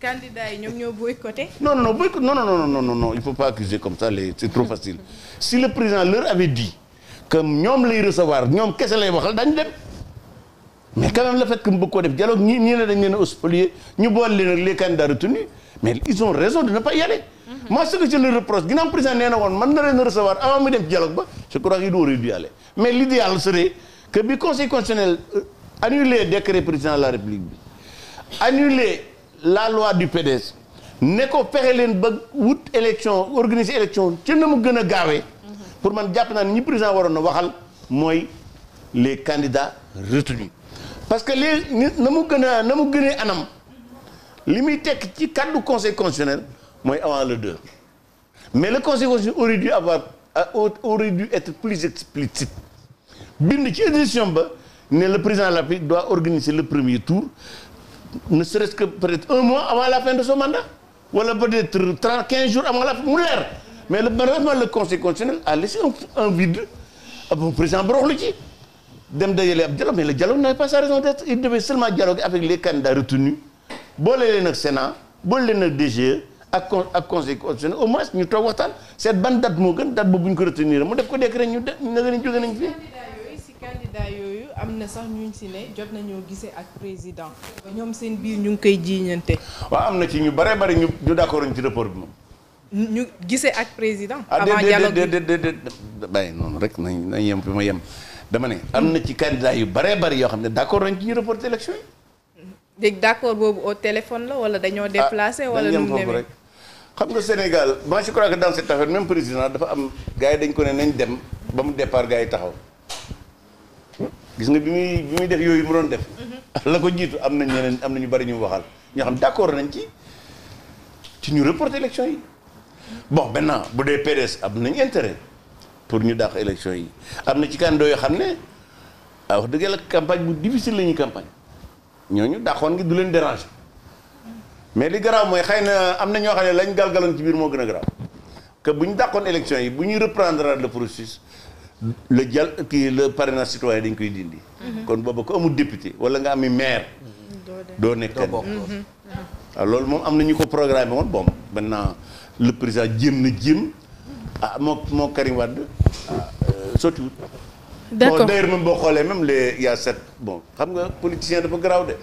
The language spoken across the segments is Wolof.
candidats yi ñoom ñoo boycotté. non non boycott non non non non non non il faut pas accuser comme ça les c'est trop facile si le président leur avait dit que ñoom lay recevoir ñoom kese lay waxal dañu dem. mais quand même le fait que mu bëgg koo def dialogue ñi ñii ne dañ leen a spolier ñu boole leen ak les candidats retenus mais ils ont raison de ne pas y aller. Mhm. moi ce que je leur reproche ginnaaw président nee na woon mën na leen a recevoir avant muy dem dialogue ba je crois qu'il aurait dû y aller mais l'idéal serait que bi conseil constitutionnel euh, annulé décret président de la république bi annulé la loi du PDS ne ko fexe leen ba wut élection organiser élection ci na mu gën a gaawee. pour man jàpp naa ñi président waroon na waxal mooy les candidats retenus parce que les na mu gën a na mu gënee anam li muy tekk ci cadre conseil constitutionnel mooy avant le deux mais le conseil constitutionnel aurait dû avoir aurait dû être plus explicite bind ci édition ba ne le président de la République doit organiser le premier tour mu serait-ce que peut-être un mois avant la fin de son mandat wala peut-être quinze jours avant la fin mu leer mais le malheureusement le conseil constitutionnel a laissé un, un vide ah bon président boroxlu ci dem dajale ab dialogue mais le dialogue n'avait pas sa raison d'être il devait seulement dialoguer avec les candidats retenus boole leen ak Sénat boole leen ak DGE ak ak au moins ñu toog waxtaan cette ban date moo gën date boobu ñu ko retenir mu am na sax ñuñ si ne jot nañoo gisee ak président ñoom seen biir ñu ngi koy jiiñante. waaw am na ci ñu bare bare ñu ñu d'accord ci rapport bi moom. ñu gisee ak président. Ah, avant dialogue bi ah déedéet déedéet bàyyi noonu rek nañ nañ yem ma yem dama ne. am na ci candidat yu bare bare yoo xam ne d'accord nañ ci ñu reporté élection yi. dégg d'accord boobu au téléphone la wala dañoo ah, déplacé. wala nu mu demee rek. xam nga Sénégal moi je crois que dans cette affaire même président dafa am gars yi dañ ko ne nañ dem ba mu départ gars yi taxaw. gis nga bi muy bi muy def yooyu mu doon def. Mhm. la ko jiitu am nañ ñeneen am na ñu bari ñu waxal ñoo xam d'accord nañ ci ci ñu reporter élection yi. bon maintenant bu dee PDS am nañu intérêt pour ñu dàq élection yi am na ci candidat yoo xam ne ah, wax dëgg yàlla campagne bu difficile la ñuy campagne ñu dàqoon ngi du leen déranger mais li garaaw mooy xëy na am na ñoo xam ne lañ galgaloon ci biir moo gën a garaaw que bu ñu dàqoon élection yi bu ñuy reprendre le processus le jàll kii le parrainage citoyen dañ koy dindi. Mhm. kon booba ko amul député wala nga ami maire. doo nekk waaw mhm. ah, loolu moom am na ñu ko programme woon bon maintenant le président jéem na jéem ah moo moo Karim Wade ah, euh, sottiwut. d'accord bon d'ailleurs boo xoolee même les y a sept bon xam nga politicien dafa garaaw de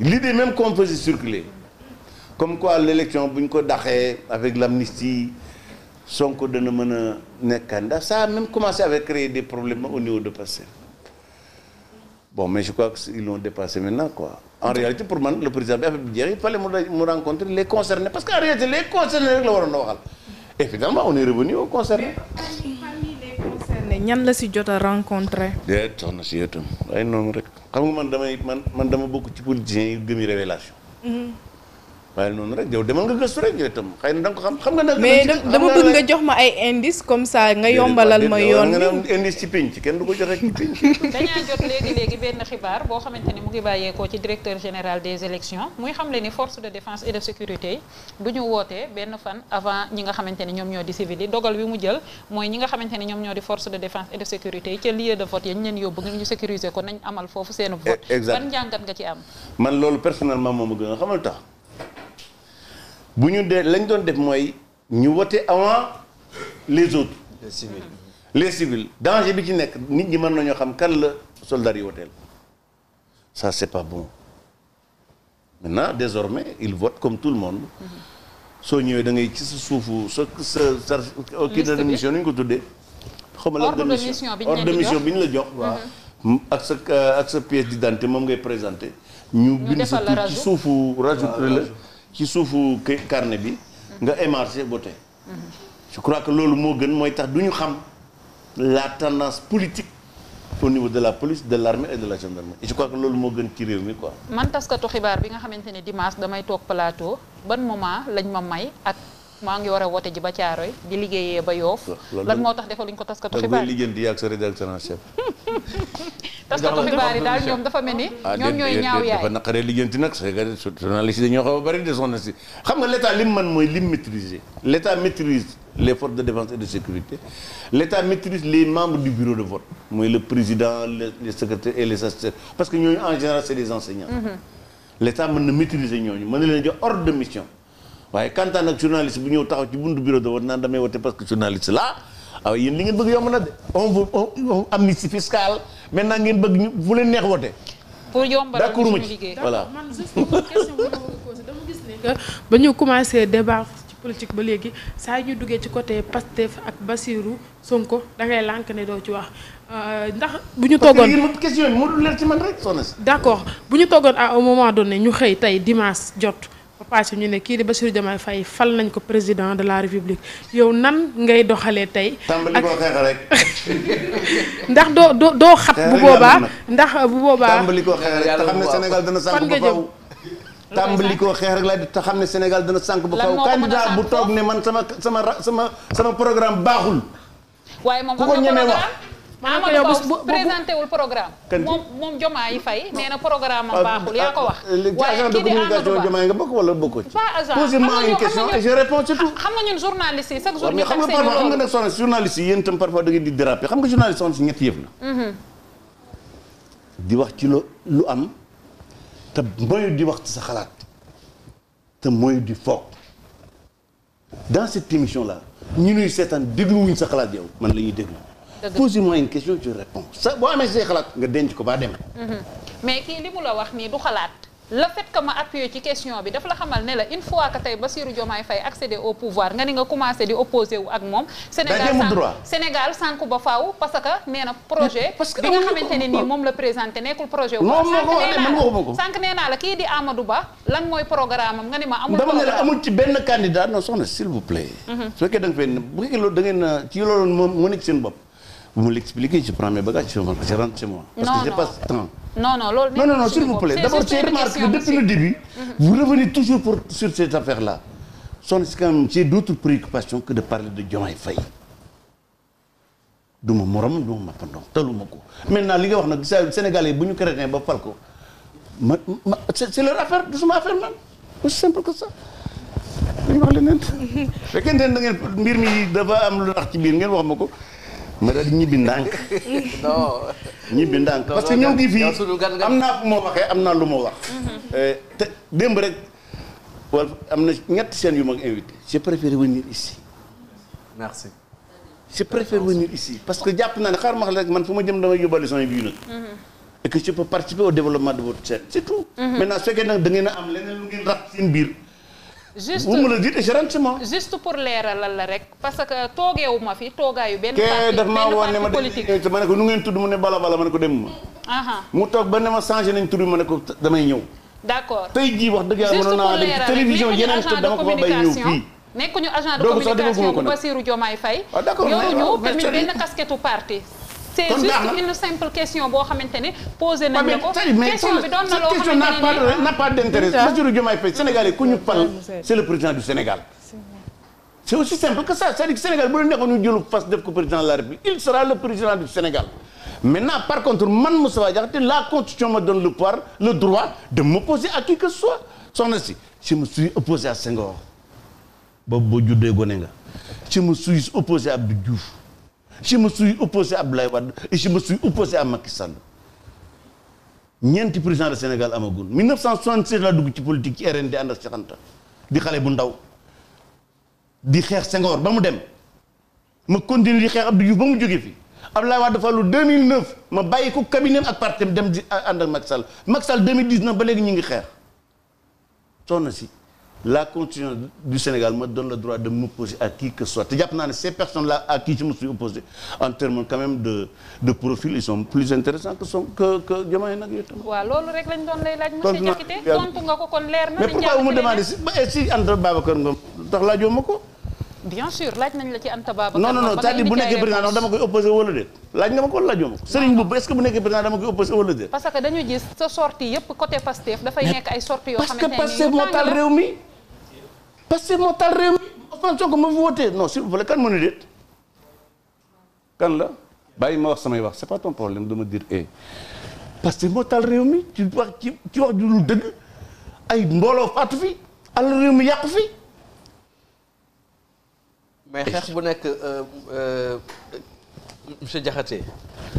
l'idée même qu'on circuler comme quoi l'élection bu ñu ko daxee avec l'amnistie Sonko dana mën a nekk candidat ça a même commencé avec créer des problèmes au niveau de Pastef bon mais je crois qu'ils l'ont dépassé maintenant quoi en réalité pour man le président bi affaire bi jeex il fallait mu rencontrer les concernés parce que en réalité les concernés rek la waroon a waxal et finalement on est revenu aux ñan la si jot a rencontré. déet soxna si yow itam waaye noonu rek xam nga man damay man man dama bokk ci politiciens yi gëmi révélation mm-hmm. waaye noonu rek yow demal nga gëstu rek jox ma ay indice comme ça nga yombalal ma yoon nga am indice ci penc kenn dañaa jot léegi léegi benn xibaar boo xamante ni mu ngi bàyyeekoo ci directeur général des élections muy xamle ni force de défense et de sécurité du ñu woote benn fan avant ñi nga xamante ni ñoom ñoo di civil yi dogal bi mu jël mooy ñi nga xamante ni ñoom ñoo di force de défense et de sécurité ca lieu de vote yañ leen yóbbu ngir ñu sécuriser ko nañ amal foofu seen vote. E, exact njàngat nga ci am. man loolu personnellement moom a gën a xamal tax bu ñu dee lañ doon def mooy ñu wote avant les autres. les civils les civils danger bi ci nekk nit ñi mën nañoo xam kan la soldats yi woteel ça c'est pas bon maintenant désormais ils votent comme tout le monde. soo ñëwee da ngay ci sa suufu sa sa sa. kii de mission nu ñu ko tuddee. xam nga ordre de mission bi ñu bi ñu la jox. waaw mm-hmm. ak sa ak sa pièce d'identité moom ngay présenté. ñu bind sa tur ci suufu rajouté ah, la. ci suufu carnet bi nga émarger voté je crois que loolu moo gën mooy tax du xam la tendance politique au niveau de la police de l'armée et de la gendarmerie et je crois que loolu moo gën ci réew mi quoi. man taskatu xibaar bi nga xamante ne dimanche damay toog plateau ban moment lañ ma may ak maa ngi war a woote ji ba Caaroy di liggéeyee ba Yoof lan moo tax defaluñ ko taskatu xibaar da nga koy liggéeyal di ak sa rédacteur en chef. taskatu xibaar dafa mel ni. Ah, ñoom ñooy ñaaw yaay dafa naqaree lijjanti nag c'est que journaliste dañoo xaw a si xam nga l'état lim man mooy lim maîtriser l'état maîtrise les forces de défense et de sécurité l'état maîtrise les membres du bureau de vote mooy le président les secrétaires et les assesseurs parce que ñooñu en général des enseignants mm-hmm. l'état mën na maîtriser ñooñu mën na leen jox de mission waaye quant à journaliste bu ñëw taxaw ci buntu bureau de vote naan damay wote parce ah yéen li ngeen bëgg yomb na de on vous on amnistie fiscale maintenant ngeen bëgg ñu bu leen neex wote. pour yombalal suñu liggéey voilà. man juste question bu ma dama gis ne que ba ñu commencé débat ci politique ba léegi saa ñu duggee ci côté Pastef ak Bassirou Sonko da ngay lànk ne doo ci wax euh, ndax bu ñu toogoon parce que question yi moo dul leer ci man rek soxna si. d' accord bu ñu toogoon à un moment donné ñu xëy tey dimanche jot. Papa si ñu ne kii di Bassirou Diomaye Faye fal nañ ko président de la République yow nan ngay doxalee tey. tàmbali koo xeex rek. ndax doo doo doo xat. bu boobaa ndax bu boobaa. tàmbali koo xeex rek te xam Sénégal dana sànq ba faaw. tàmbali koo xeex rek laa di te xam ne Sénégal dana sànq ba faaw. candidat bu toog ne man sama sama sama sama programme baaxul. ku ko ñemee wax. maanaam yow bu présenté wul programme. moom moom Diomaye fay nee na programme am ah, baaxul yaa ko ah, wax. Ah, waaye kii di Amadou Ba Diomaye nga bokk wala bokkoo ci. pas agent posez-moi une xam nga ñun journaliste yi chaque jour ñu. xam nga parfois mhm. di wax ci lu lu am te mooy di wax ci sa xalaat te mooy di foog dans cette émission là ñu nuy seetaan dégluwuñ sa xalaat yow man la ñuy déglu. pose-moi une question je réponds sa boo amee say xalaat nga denc ko ba dem. Mhm. mais kii li mu la wax nii du xalaat. la fait que ma appuyé ci question bi daf la xamal ne la une fois que tey Bassirou Diomaye Faye accéder au pouvoir nga ni nga commencé di opposé wu ak moom. Sénégal Sénégal sànq ba faaw parce que nee na projet. parce que bi nga xamante ne nii moom la présenté nekkul projet. wu ko sànq nee naa la kii di Amadou Ba lan mooy programme am nga ni ma. amul dama ne ci benn candidat non soxna s'il vous plaît. Mhm. su fekkee da nga fay bu fekkee seen bopp. vous me l'expliquez je prends mes bagages je rentre chez moi. parce que j'ai pas temps. non non loolu. non non non vous plaît d'abord j'ai remarqué depuis le début. Mm-hmm. vous revenez toujours pour sur ces affaires là. son si quand même j'ai d'autres préoccupations que de parler de Diomaye Faye. du ma morom du ma mapandoo taluma ko maintenant li nga wax nag saa Sénégalais bu ñu créé ba fal ko ma ma c'est leur affaire du suma affaire man aussi simple que ça. dañu wax leneen fekkente ne da ngeen mbir mi dafa am lu tax ci biir ngeen wax ma ko. ma daal di ñibbi ndànk. non ñibbi ndànk parce que ñëw gi fii am naa fu ma waxee am naa lu ma wax. Mm-hmm. Eh, démb rek wal am na ñetti chaînes yu mag invité je préfère venir ici. merci. parce que jàpp naa ne xaar ma wax rek man fu ma jëm damay yóbbaale sama bii nag. Mm-hmm. et que je participer au développement de votre chaîne c'est tout. Mm-hmm. maintenant su fekkee nag da ngeen a am leneen lu ngeen ràpp seen biir. juste vous me le je rentre chez moi. juste pour leeralal la rek parce que toogeewu fi toogaayu benn. parti benn parti politique kee ne ma de eh, ma ne ko nu ngeen tudd mu ne bala bala ma ne ko dem ma. mu toog ba ne ma changé nañ tudd ma ne ko damay ñëw. d'accord tey jii wax dëgg yàlla mënoon naa dem télévision yeneen te dama ko ma bay ñëw fii. nekkuñu agent de communication bu Bassirou Diomaye Faye. waaw ah, d'accord yoruñu tamit benn casquette c'est juste une simple question boo xamante ne posé nañ la ko question bi doon na ne cette question n'a pas d'intérêt Bassirou Diomaye Faye Sénégalais ku ñu pal que ça c'est-à-dire que bu la nekkoon contre man Moustapha Diakhaté la constitution me donne le pouvoir le droit de m'opposer à qui boo juddee gone nga je me suis opposé à Abdou je me suis opposé à Abdoulaye Wade et je me suis opposé à Macky Sall ñeenti président de Sénégal amagun 1976 laa dugg ci politique ci RND ànd ak Cheikh Anta di xale bu ndaw di xeex Senghor ba mu dem ma continuer di xeex Abdou Diouf ba mu jógee fii fi Abdoulaye Wade dafa lu 2009 ma bàyyi ko cabinet ak parti dem di ànd ak Macky Sall Macky Sall 2019 ba léegi ñu ngi xeex soxna si. la constitution du Sénégal me donne le droit de m'opposer à qui que ce soit te jàpp naa ces personnes-là à qui je me suis opposé en termes quand même de profil ils sont plus intéressants que son que que nag yooyu tamit. nga ko kon leer na. mais pourquoi vous me demandez si ba si Anta tax laajoo ma ko. bien sûr laaj nañ la ci Anta Babacar. non non non c'est-à-dire bu nekkee président ndax dama koy opposé wala déet. laaj nga ma ko laajoo ma ko. Serigne Boubou est-ce que bu nekkee président mi Pastef moo taal réew mi Ousmane Sonko ma fi wootee non s'il vous plaît kan mënu déet kan la bàyyi ma wax samay wax c'est pas ton problème de me dire eh moo taal réew mi ci wax ci ci wax ju lu dëgg ay mbooloo faatu fi àll réew mi yàqu fi mais xeex bu nekk euh, euh, monsieur Diakhaté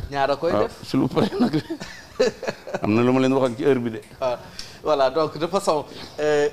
ñaar a koy ah, def s'il vous plaît nag am na lu ma leen waxoon ci heure bi de ah, voilà donc de façon euh,